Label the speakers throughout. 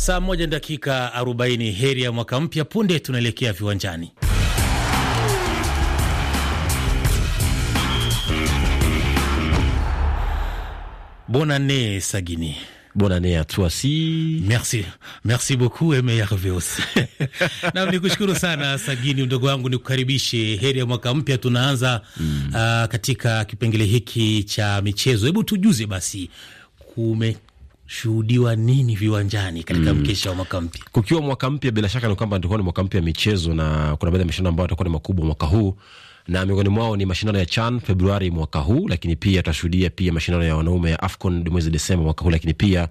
Speaker 1: Saa moja na dakika 40. Heri ya mwaka mpya. Punde tunaelekea viwanjani. Bonane Sagini. Bonane année toi si. Merci. Merci beaucoup et meilleur aussi. Na kushukuru sana Sagini mdogo wangu ni kukaribishe Heri ya mwaka mpya tunaanza mm. Uh, katika kipengele hiki cha michezo. Hebu tujuze basi kume shuhudiwa nini viwanjani katika mm. mkesha wa mwaka mpya?
Speaker 2: Kukiwa mwaka mpya, bila shaka ni kwamba ndio ni mwaka mpya michezo, na kuna baadhi ya mashindano ambayo yatakuwa ni makubwa mwaka huu na miongoni mwao ni mashindano ya CHAN Februari mwaka huu, lakini pia tutashuhudia pia mashindano ya wanaume ya AFCON mwezi Desemba mwaka huu, lakini pia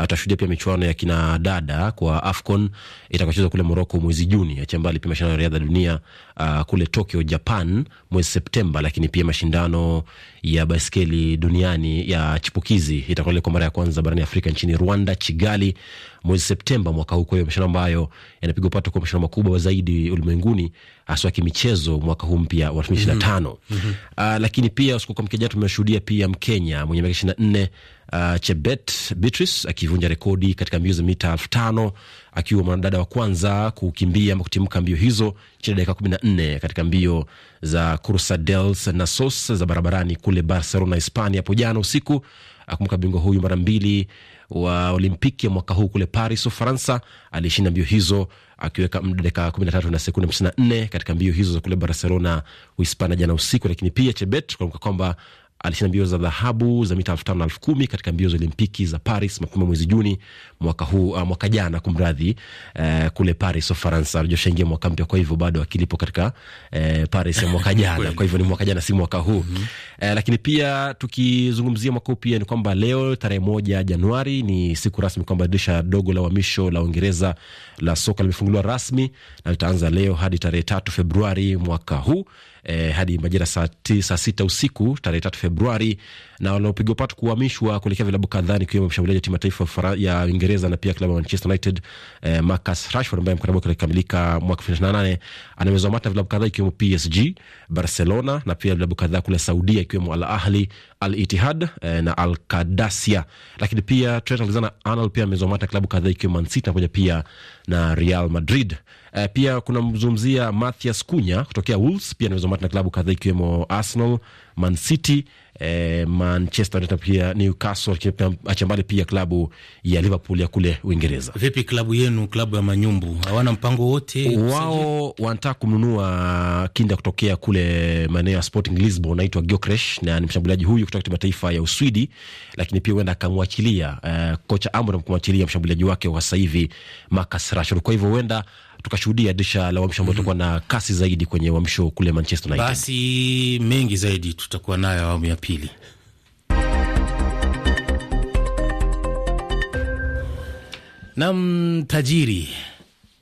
Speaker 2: tutashuhudia pia michuano ya kina dada kwa AFCON itakayochezwa kule Morocco mwezi Juni, acha mbali pia mashindano ya riadha dunia uh, kule Tokyo Japan mwezi Septemba, lakini pia mashindano ya baiskeli duniani ya chipukizi itakuwa kwa mara ya kwanza barani Afrika nchini Rwanda Kigali mwezi Septemba mwaka huu. Kwa hiyo mashindano ambayo yanapigwa pato kwa mashindano makubwa zaidi ulimwenguni haswa kimichezo mwaka huu mpya wa elfu mbili ishirini na mhm. tano. Mhm. Ah, lakini pia usiku kwa mkejaa tumeshuhudia pia Mkenya mwenye miaka ishirini na nne Uh, Chebet Beatrice akivunja rekodi katika mbio za mita elfu tano akiwa mwanadada wa kwanza kukimbia ama kutimka mbio hizo chini ya dakika kumi na nne katika mbio za Cursa del Nasos za barabarani kule Barcelona, Hispania hapo jana usiku. Akumbuka bingwa huyu mara mbili wa Olimpiki ya mwaka huu kule Paris, Ufaransa, alishinda mbio hizo akiweka muda dakika kumi na sekunde nne katika mbio hizo za kule Barcelona, Uhispania jana usiku. Lakini pia Chebet kuamka kwamba alishinda mbio za dhahabu za mita elfu tano na elfu kumi katika mbio za Olimpiki za Paris mapema mwezi Juni mwaka huu, uh, mwaka jana kumradhi, uh, kule Paris Ufaransa. Alijoshaingia mwaka mpya, kwa hivyo bado akilipo katika uh, Paris ya mwaka jana kwa hivyo ni mwaka jana, si mwaka huu mm -hmm. Uh, lakini pia tukizungumzia mwaka huu pia ni kwamba leo tarehe moja Januari ni siku rasmi kwamba dirisha dogo la uhamisho la Uingereza la soka limefunguliwa rasmi na litaanza leo hadi tarehe tatu Februari mwaka huu eh, hadi majira saa, saa sita usiku tarehe tatu Februari, na wanaopigwa patu kuhamishwa kuelekea vilabu kadhaa ikiwemo mshambuliaji wa timu ya taifa ya Uingereza na pia klabu ya Manchester United eh, Marcus Rashford ambaye mkataba wake ulikamilika mwaka elfu mbili na nane anaweza mata vilabu kadhaa ikiwemo PSG, Barcelona na pia vilabu kadhaa kule Saudia ikiwemo Al Ahli Al Itihad eh, na Al Kadasia, lakini pia Trent Alexander Arnold pia amezomata klabu kadhaa ikiwa Man City pamoja pia na Real Madrid. Eh, pia kuna mzungumzia Mathias Kunya kutokea Wolves, pia amezomata na klabu kadhaa ikiwemo Arsenal, Man City eh, Manchester United pia Newcastle acha pia klabu ya Liverpool ya kule Uingereza.
Speaker 1: Vipi klabu yenu, klabu ya Manyumbu, hawana mpango wote? Wao
Speaker 2: wanataka kumnunua kinda kutokea kule maeneo ya Sporting Lisbon, naitwa Gyökeres na ni mshambuliaji huyu kutoka kimataifa ya Uswidi, lakini pia huenda akamwachilia uh, kocha Amorim kumwachilia mshambuliaji wake wa sasa hivi Marcus Rashford. Kwa hivyo huenda tukashuhudia dirisha la uamsho ambao tutakuwa na kasi zaidi kwenye uamsho kule Manchester United.
Speaker 1: Basi mengi zaidi tutakuwa nayo awamu ya pili.
Speaker 3: Nam tajiri,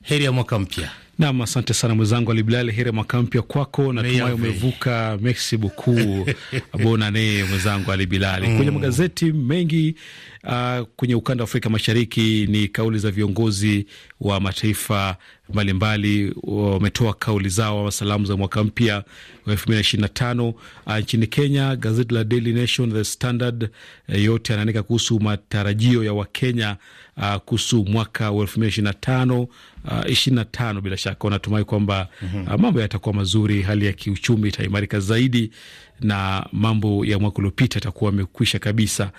Speaker 3: heri ya mwaka mpya. Nam, asante sana mwenzangu Alibilali, heri ya mwaka mpya kwako, natumai umevuka merci bukuu Bona mwenzangu Alibilali. mm. kwenye magazeti mengi uh, kwenye ukanda wa Afrika Mashariki ni kauli za viongozi wa mataifa mbalimbali wametoa kauli zao ama salamu za mwaka mpya wa elfu mbili na ishirini na tano. Uh, nchini Kenya gazeti la Daily Nation, The Standard uh, yote anaandika kuhusu matarajio ya Wakenya uh, kuhusu mwaka wa elfu mbili ishirini na tano ishirini na tano. Bila shaka wanatumai kwamba uh, mambo yatakuwa mazuri, hali ya kiuchumi itaimarika zaidi na mambo ya mwaka uliopita atakuwa amekwisha kabisa.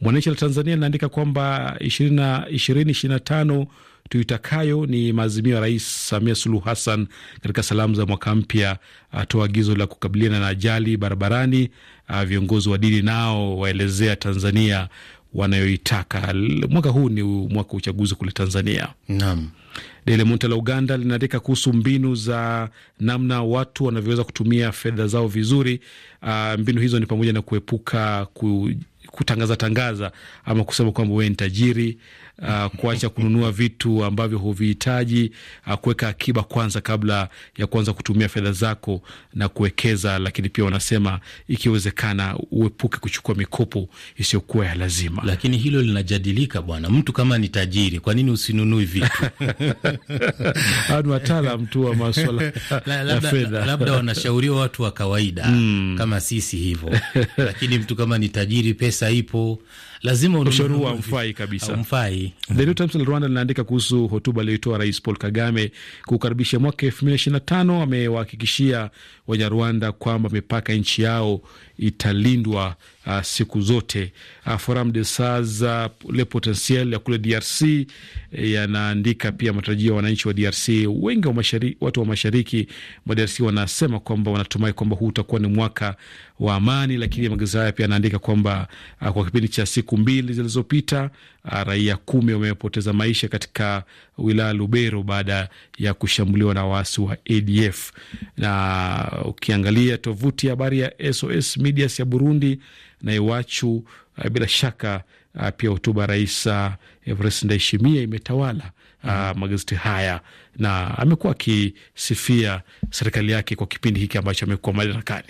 Speaker 3: Mwananchi la Tanzania linaandika kwamba ishirini ishirini na tano tuitakayo ni maazimio ya Rais Samia Suluhu Hassan katika salamu za mwaka mpya, atoa agizo la kukabiliana na ajali barabarani. Ah, viongozi wa dini nao waelezea Tanzania wanayoitaka. Mwaka huu ni mwaka wa uchaguzi kule Tanzania. Naam. Daily Monitor la Uganda linaandika kuhusu mbinu za namna watu wanavyoweza kutumia fedha zao vizuri. Uh, mbinu hizo ni pamoja na kuepuka ku kutangaza tangaza ama kusema kwamba wewe ni tajiri, uh, kuacha kununua vitu ambavyo huvihitaji, uh, kuweka akiba kwanza kabla ya kuanza kutumia fedha zako na kuwekeza. Lakini pia wanasema ikiwezekana uepuke kuchukua mikopo isiyokuwa ya lazima. Lakini hilo linajadilika bwana, mtu kama ni tajiri, kwa nini usinunui vitu? Ni wataalam tu wa
Speaker 1: maswala ya fedha, labda wanashauriwa watu wa kawaida mm, kama sisi hivyo.
Speaker 3: Lakini mtu kama ni tajiri pesa saípo lazima ushauri huu haumfai kabisa, haumfai. The New Times la Rwanda linaandika kuhusu hotuba aliyoitoa Rais Paul Kagame kukaribisha mwaka elfu mbili ishirini na tano. Amewahakikishia Wanyarwanda kwamba mipaka nchi yao italindwa uh, siku zote. Uh, Forum de Sas uh, le Potentiel ya kule DRC eh, yanaandika pia matarajio ya wananchi wa DRC. Wengi wa watu wa mashariki mwa DRC wanasema kwamba wanatumai kwamba huu utakuwa ni mwaka wa amani, lakini magazeti haya pia yanaandika kwamba uh, kwa kipindi cha siku siku mbili zilizopita ah, raia kumi wamepoteza maisha katika wilaya Lubero baada ya kushambuliwa na waasi wa ADF. Na ukiangalia tovuti ya habari ya SOS Medias ya Burundi na Iwachu, ah, bila shaka ah, pia hotuba Rais Evariste Ndayishimiye imetawala mm uh, magazeti haya na amekuwa akisifia serikali yake kwa kipindi hiki ambacho amekuwa madarakani.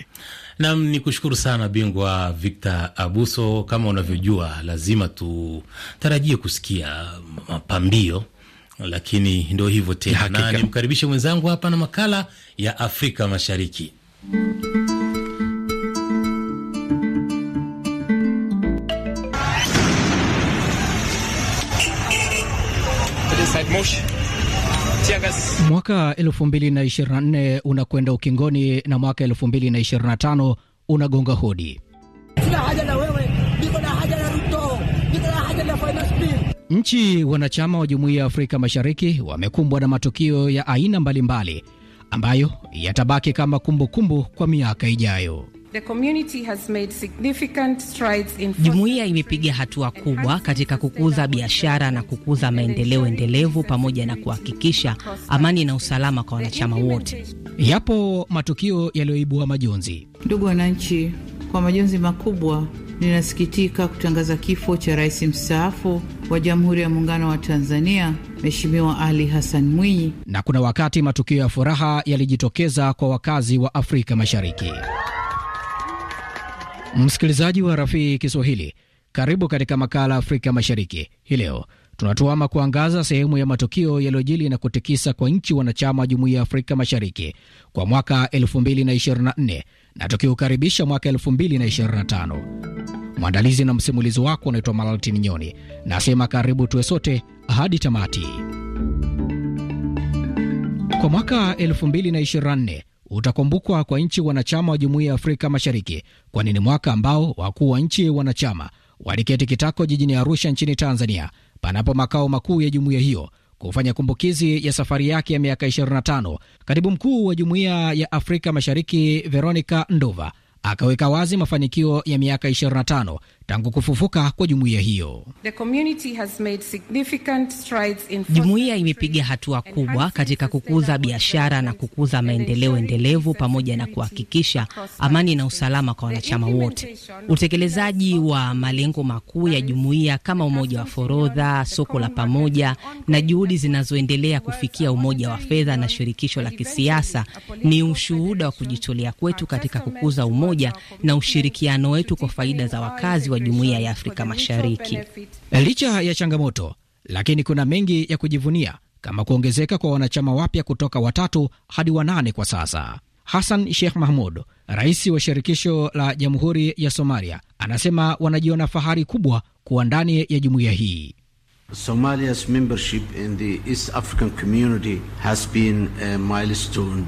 Speaker 3: Nam ni kushukuru sana
Speaker 1: bingwa Victor Abuso. Kama unavyojua, lazima tutarajie kusikia mapambio, lakini ndo hivyo tena, na nimkaribishe mwenzangu hapa na makala ya Afrika Mashariki.
Speaker 4: Mwaka 2024 unakwenda ukingoni na mwaka 2025 unagonga hodi.
Speaker 2: Sina haja na wewe, niko na haja na Ruto, niko na haja na finance bill.
Speaker 4: Nchi wanachama wa Jumuiya ya Afrika Mashariki wamekumbwa na matukio ya aina mbalimbali ambayo yatabaki kama kumbukumbu kumbu kwa miaka ijayo. Jumuiya imepiga hatua kubwa katika kukuza biashara na kukuza maendeleo endelevu pamoja na kuhakikisha amani na usalama kwa wanachama wote. Yapo matukio yaliyoibua majonzi. Ndugu wananchi, kwa majonzi makubwa ninasikitika kutangaza kifo cha rais mstaafu wa Jamhuri ya Muungano wa Tanzania Mheshimiwa Ali Hassan Mwinyi. Na kuna wakati matukio ya furaha yalijitokeza kwa wakazi wa Afrika Mashariki. Msikilizaji wa Rafii Kiswahili, karibu katika makala Afrika Mashariki. Hii leo tunatuama kuangaza sehemu ya matukio yaliyojili na kutikisa kwa nchi wanachama wa Jumuiya ya Afrika Mashariki kwa mwaka 2024 na tukiukaribisha mwaka 2025. Mwandalizi na msimulizi wako unaitwa Malaltin Nyoni, nasema karibu tuwe sote hadi tamati. Kwa mwaka utakumbukwa kwa nchi wanachama wa Jumuiya ya Afrika Mashariki, kwani ni mwaka ambao wakuu wa nchi wanachama waliketi kitako jijini Arusha nchini Tanzania, panapo makao makuu ya jumuiya hiyo kufanya kumbukizi ya safari yake ya miaka 25. Katibu mkuu wa Jumuiya ya Afrika Mashariki Veronica Nduva akaweka wazi mafanikio ya miaka 25 tangu kufufuka kwa jumuiya hiyo. Jumuiya imepiga hatua kubwa katika kukuza biashara na kukuza maendeleo endelevu pamoja na kuhakikisha amani na usalama kwa wanachama wote. Utekelezaji wa malengo makuu ya jumuiya kama umoja wa forodha, soko la pamoja na juhudi zinazoendelea kufikia umoja wa fedha na shirikisho la kisiasa ni ushuhuda wa kujitolea kwetu katika kukuza umoja na ushirikiano wetu kwa faida za wakazi wa Jumuiya ya Afrika Mashariki. Licha ya changamoto, lakini kuna mengi ya kujivunia kama kuongezeka kwa wanachama wapya kutoka watatu hadi wanane kwa sasa. Hassan Sheikh Mahmud, rais wa shirikisho la Jamhuri ya Somalia, anasema wanajiona fahari kubwa kuwa ndani ya jumuiya hii.
Speaker 1: Somalia's membership in the East African community has been a milestone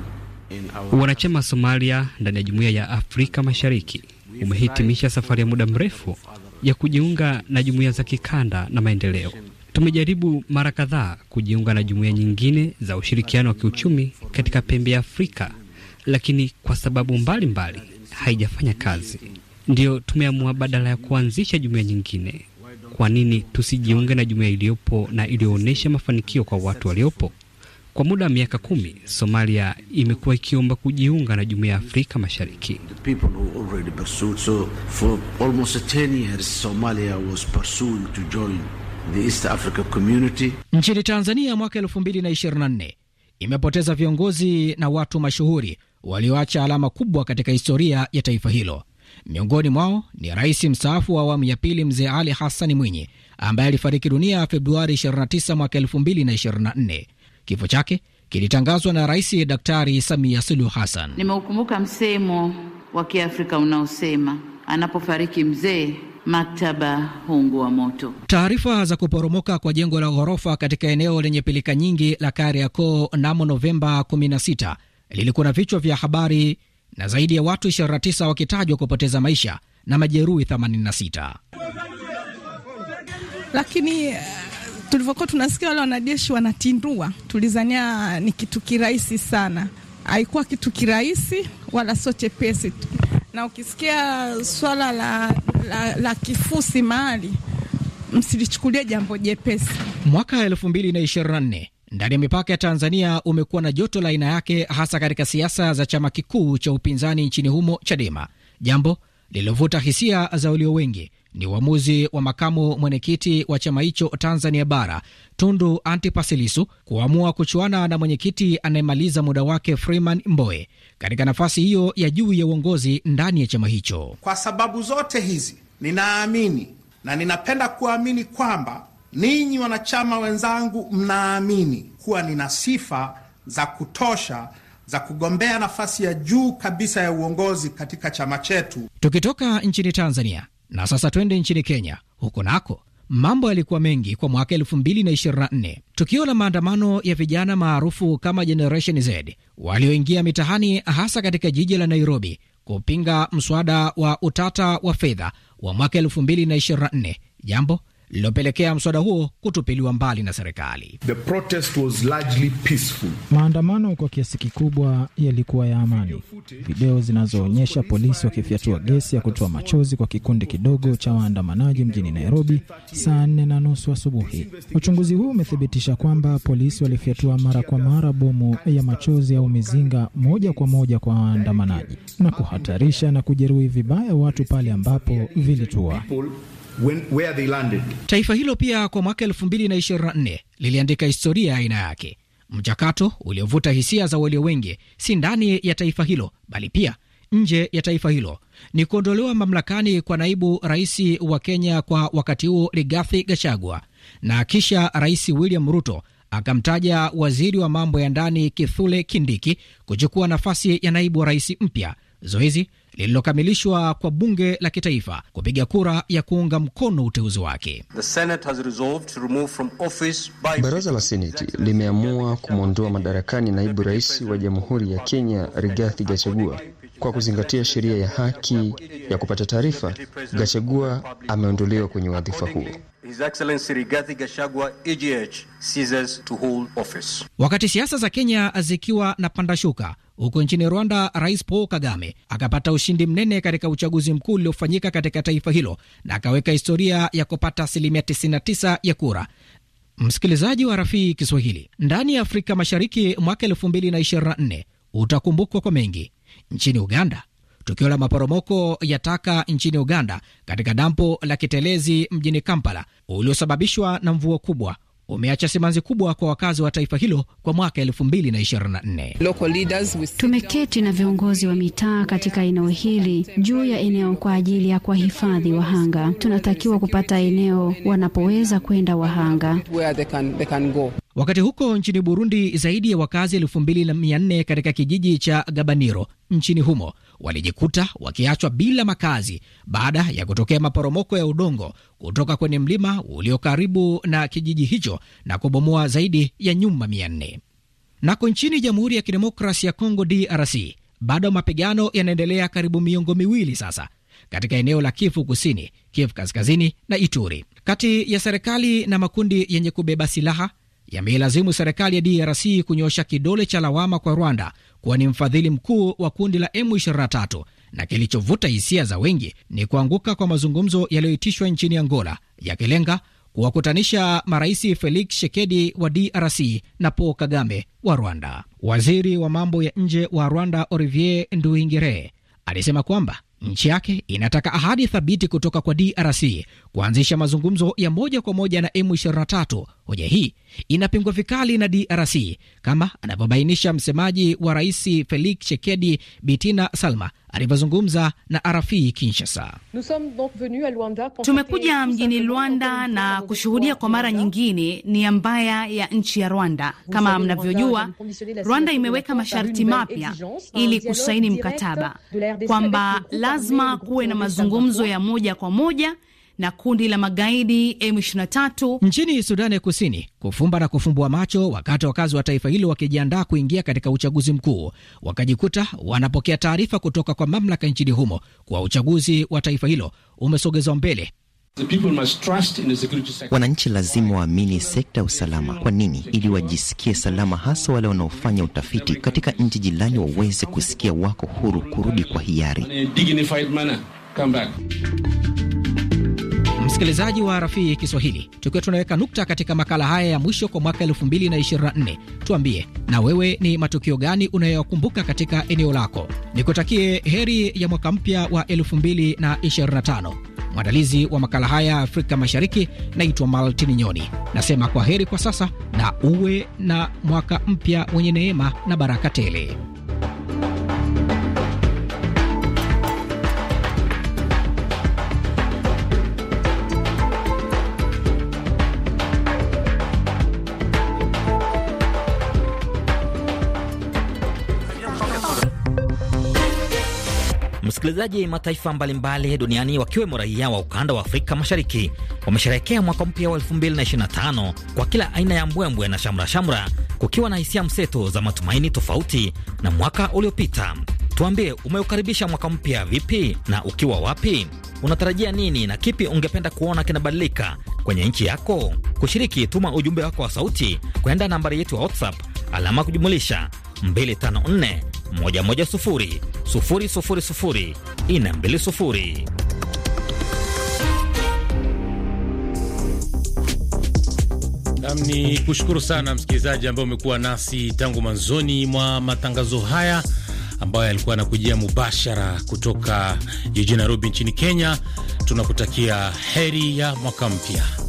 Speaker 1: in our... wanachama
Speaker 4: Somalia ndani ya jumuiya ya Afrika Mashariki umehitimisha safari ya muda mrefu ya kujiunga na jumuiya za kikanda na maendeleo. Tumejaribu mara kadhaa kujiunga na jumuiya nyingine za ushirikiano wa kiuchumi katika pembe ya Afrika, lakini kwa sababu mbalimbali mbali, haijafanya kazi. Ndiyo tumeamua badala ya kuanzisha jumuiya nyingine, kwa nini tusijiunge na jumuiya iliyopo na iliyoonyesha mafanikio kwa watu waliopo? Kwa muda wa miaka kumi, Somalia imekuwa ikiomba kujiunga na jumuiya ya Afrika Mashariki. Nchini Tanzania mwaka 2024 imepoteza viongozi na watu mashuhuri walioacha alama kubwa katika historia ya taifa hilo. Miongoni mwao ni rais mstaafu wa awamu ya pili Mzee Ali Hassani Mwinyi ambaye alifariki dunia Februari 29 mwaka 2024. Kifo chake kilitangazwa na Rais Daktari Samia Suluhu Hassan. Nimeukumbuka msemo wa Kiafrika unaosema anapofariki mzee maktaba huungua moto. Taarifa za kuporomoka kwa jengo la ghorofa katika eneo lenye pilika nyingi la Kariakoo namo Novemba 16 lilikuwa na vichwa vya habari na zaidi ya watu 29 wakitajwa kupoteza maisha na majeruhi 86 lakini tulivyokuwa tunasikia wale wanajeshi wanatindua, tulizania ni kitu kirahisi sana. Haikuwa kitu kirahisi wala sio chepesi, na ukisikia swala la, la, la kifusi mahali, msilichukulie jambo jepesi. Mwaka elfu mbili na ishirini na nne ndani ya mipaka ya Tanzania umekuwa na joto la aina yake, hasa katika siasa za chama kikuu cha upinzani nchini humo, Chadema, jambo lililovuta hisia za walio wengi ni uamuzi wa makamu mwenyekiti wa chama hicho Tanzania Bara, Tundu antipasilisu kuamua kuchuana na mwenyekiti anayemaliza muda wake Freeman mboe katika nafasi hiyo ya juu ya uongozi ndani ya chama hicho. Kwa sababu zote hizi, ninaamini na ninapenda kuamini kwamba ninyi
Speaker 3: wanachama wenzangu mnaamini kuwa nina sifa za kutosha za kugombea nafasi ya juu kabisa ya uongozi katika chama chetu.
Speaker 4: Tukitoka nchini Tanzania, na sasa twende nchini Kenya. Huko nako mambo yalikuwa mengi kwa mwaka 2024. Tukio la maandamano ya vijana maarufu kama Generation Z walioingia mitahani hasa katika jiji la Nairobi kupinga mswada wa utata wa fedha wa mwaka 2024, jambo lililopelekea mswada huo kutupiliwa mbali na serikali. Maandamano kwa kiasi kikubwa yalikuwa ya amani. Video zinazoonyesha polisi wakifyatua gesi ya kutoa machozi kwa kikundi kidogo cha waandamanaji mjini Nairobi saa nne na nusu asubuhi. Uchunguzi huu umethibitisha kwamba polisi walifyatua mara kwa mara bomu ya machozi au
Speaker 3: mizinga
Speaker 4: moja kwa moja kwa waandamanaji na kuhatarisha na kujeruhi vibaya watu pale ambapo vilitua when, where they landed. Taifa hilo pia kwa mwaka 2024 liliandika historia ya aina yake, mchakato uliovuta hisia za walio wengi, si ndani ya taifa hilo bali pia nje ya taifa hilo. Ni kuondolewa mamlakani kwa naibu rais wa Kenya kwa wakati huo Rigathi Gachagua, na kisha Rais William Ruto akamtaja waziri wa mambo ya ndani Kithule Kindiki kuchukua nafasi ya naibu wa rais mpya. Zoezi lililokamilishwa kwa bunge la kitaifa kupiga kura ya kuunga mkono uteuzi wake.
Speaker 3: Baraza la Seneti limeamua kumwondoa madarakani naibu rais wa Jamhuri ya Kenya Rigathi Gachagua kwa kuzingatia sheria ya haki ya kupata taarifa.
Speaker 4: Gachagua ameondolewa kwenye wadhifa huo.
Speaker 1: His Excellency Rigathi Gachagua
Speaker 4: EGH ceases to hold office. Wakati siasa za Kenya zikiwa na pandashuka huko nchini Rwanda, Rais Paul Kagame akapata ushindi mnene katika uchaguzi mkuu uliofanyika katika taifa hilo na akaweka historia ya kupata asilimia 99 ya kura. Msikilizaji wa Rafii Kiswahili, ndani ya Afrika Mashariki mwaka 2024 utakumbukwa kwa mengi. Nchini Uganda, tukio la maporomoko ya taka nchini Uganda katika dampo la Kitelezi mjini Kampala uliosababishwa na mvua kubwa umeacha simanzi kubwa kwa wakazi wa taifa hilo kwa mwaka 2024.
Speaker 2: Tumeketi na viongozi wa mitaa katika eneo hili juu ya eneo kwa ajili ya kuwahifadhi wahanga. Tunatakiwa kupata eneo wanapoweza kwenda wahanga.
Speaker 4: Wakati huko nchini Burundi, zaidi ya wakazi elfu mbili na mia nne katika kijiji cha Gabaniro nchini humo walijikuta wakiachwa bila makazi baada ya kutokea maporomoko ya udongo kutoka kwenye mlima ulio karibu na kijiji hicho na kubomoa zaidi ya nyumba mia nne. Nako nchini Jamhuri ya Kidemokrasi ya Kongo, DRC, bado mapigano yanaendelea karibu miongo miwili sasa katika eneo la Kivu Kusini, Kivu Kaskazini na Ituri, kati ya serikali na makundi yenye kubeba silaha yameilazimu serikali ya DRC kunyosha kidole cha lawama kwa Rwanda kuwa ni mfadhili mkuu wa kundi la M23 na kilichovuta hisia za wengi ni kuanguka kwa mazungumzo yaliyoitishwa nchini Angola yakilenga kuwakutanisha marais Felix Tshisekedi wa DRC na Paul Kagame wa Rwanda. Waziri wa mambo ya nje wa Rwanda Olivier Nduingire alisema kwamba nchi yake inataka ahadi thabiti kutoka kwa DRC kuanzisha mazungumzo ya moja kwa moja na M23. Hoja hii inapingwa vikali na DRC kama anavyobainisha msemaji wa Rais Felix chekedi Bitina Salma alivyozungumza na RFI Kinshasa. Tumekuja mjini Luanda na kushuhudia kwa mara nyingine nia mbaya ya nchi ya Rwanda. Kama mnavyojua, Rwanda imeweka masharti mapya ili kusaini mkataba kwamba lazima kuwe na mazungumzo ya moja kwa moja na kundi la magaidi M23 nchini Sudani Kusini kufumba na kufumbua macho wakati wakazi wa taifa hilo wakijiandaa kuingia katika uchaguzi mkuu, wakajikuta wanapokea taarifa kutoka kwa mamlaka nchini humo kuwa uchaguzi wa taifa hilo umesogezwa mbele.
Speaker 3: Wananchi
Speaker 1: lazima waamini sekta ya usalama. Kwa nini? Ili wajisikie salama, hasa wale wanaofanya utafiti katika nchi jirani waweze kusikia wako huru kurudi kwa hiari.
Speaker 4: Msikilizaji wa rafi Kiswahili, tukiwa tunaweka nukta katika makala haya ya mwisho kwa mwaka 2024, tuambie na wewe ni matukio gani unayokumbuka katika eneo lako. Nikutakie heri ya mwaka mpya wa 2025. Mwandalizi wa makala haya Afrika Mashariki naitwa Maltini Nyoni, nasema kwa heri kwa sasa, na uwe na mwaka mpya wenye neema na baraka tele. Wasikilizaji, mataifa mbalimbali duniani wakiwemo raia wa ukanda wa Afrika Mashariki wamesherehekea mwaka mpya wa 2025 kwa kila aina ya mbwembwe na shamra shamra kukiwa na hisia mseto za matumaini tofauti na mwaka uliopita. Tuambie, umeukaribisha mwaka mpya vipi na ukiwa wapi? Unatarajia nini na kipi ungependa kuona kinabadilika kwenye nchi yako? Kushiriki, tuma ujumbe wako wa sauti kwenda nambari yetu ya WhatsApp alama kujumulisha 254 110 000
Speaker 1: Ni kushukuru sana msikilizaji ambaye umekuwa nasi tangu mwanzoni mwa matangazo haya ambayo yalikuwa anakujia mubashara kutoka jijini Nairobi nchini Kenya. Tunakutakia heri ya mwaka mpya.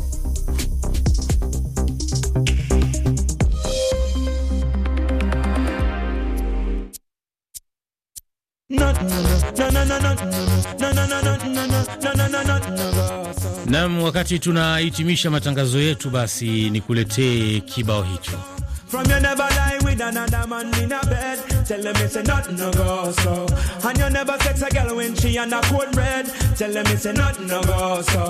Speaker 1: Nam, wakati tunahitimisha matangazo yetu, basi nikuletee kibao hicho.
Speaker 3: From you never lie with another man in a bed. Tell them it's a nothing no go so. And you never sex a girl when she under cold red. Tell them it's a nothing no go so.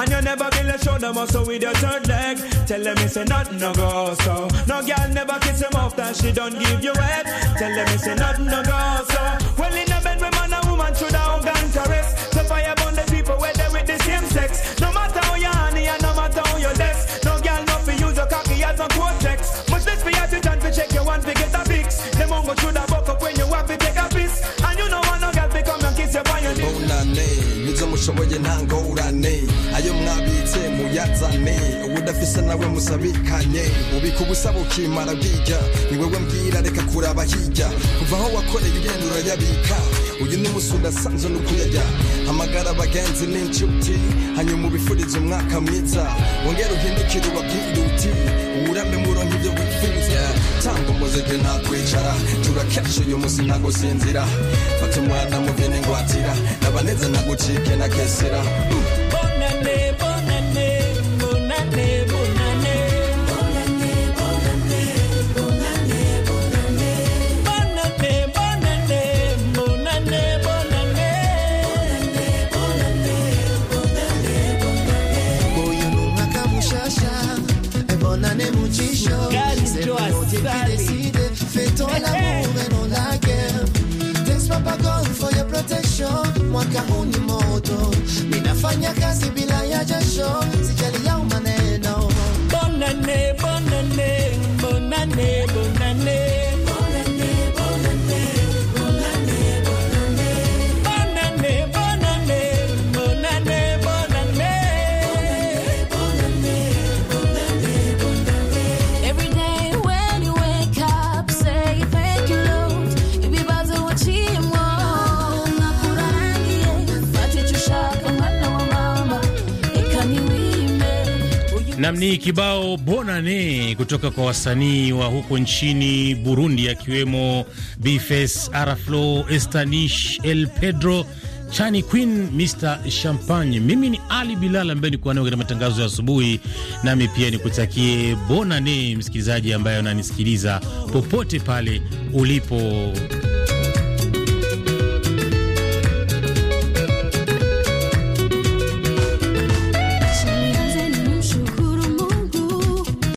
Speaker 3: And you never feel a shoulder muscle with your turn leg. Tell them it's a nothing no go so. No girl never kiss him off that she don't give you head. Tell them it's a nothing no go so. Well in a bed, man and woman should have The fire burn the the same sex. No matter how you honey and no matter how you less. No girl, no for use your cocky as no cortex. Much less for your sit and to check your one to get a fix. Them on go through the buck
Speaker 2: up when you want to take a piss. And you know one no girl become and kiss your by your lips. Ushoboye ntangorane uyazane ubudafise nawe musabikanye ubika ubusa bukimara bwija ni wewe mbwira reka kuraba hirya kuva aho wakoreye ugenda urayabika uyu ni umunsi udasanzwe ni hamagara abagenzi n'inshuti hanyuma ubifurize umwaka mwiza wongere uhindukire ubabwire uti uwurame muronke ibyo wifuza tanga umuziki nta kwicara turakesha uyu munsi nta gusinzira fata umwana muvine ngwatira nabaneze ntagucike na kesera
Speaker 1: mm.
Speaker 4: na Nemuchisho. C'est volontiers qui décide. Fais-toi eh, eh. l'amour et non la guerre. Thanks Papa God for your protection. Mwaka huu moto. Ninafanya kazi bila ya jasho. Sijali ya Bonane, bonane, bonane, bonane.
Speaker 1: Namni kibao bonane kutoka kwa wasanii wa huko nchini Burundi, akiwemo Bifes, Araflo, Estanish, El Pedro, Chani Queen, Mr Champagne. Mimi ni Ali Bilal ambaye nikuwa nayo katika matangazo ya asubuhi, nami pia nikutakie bonane msikilizaji ambaye unanisikiliza popote pale ulipo.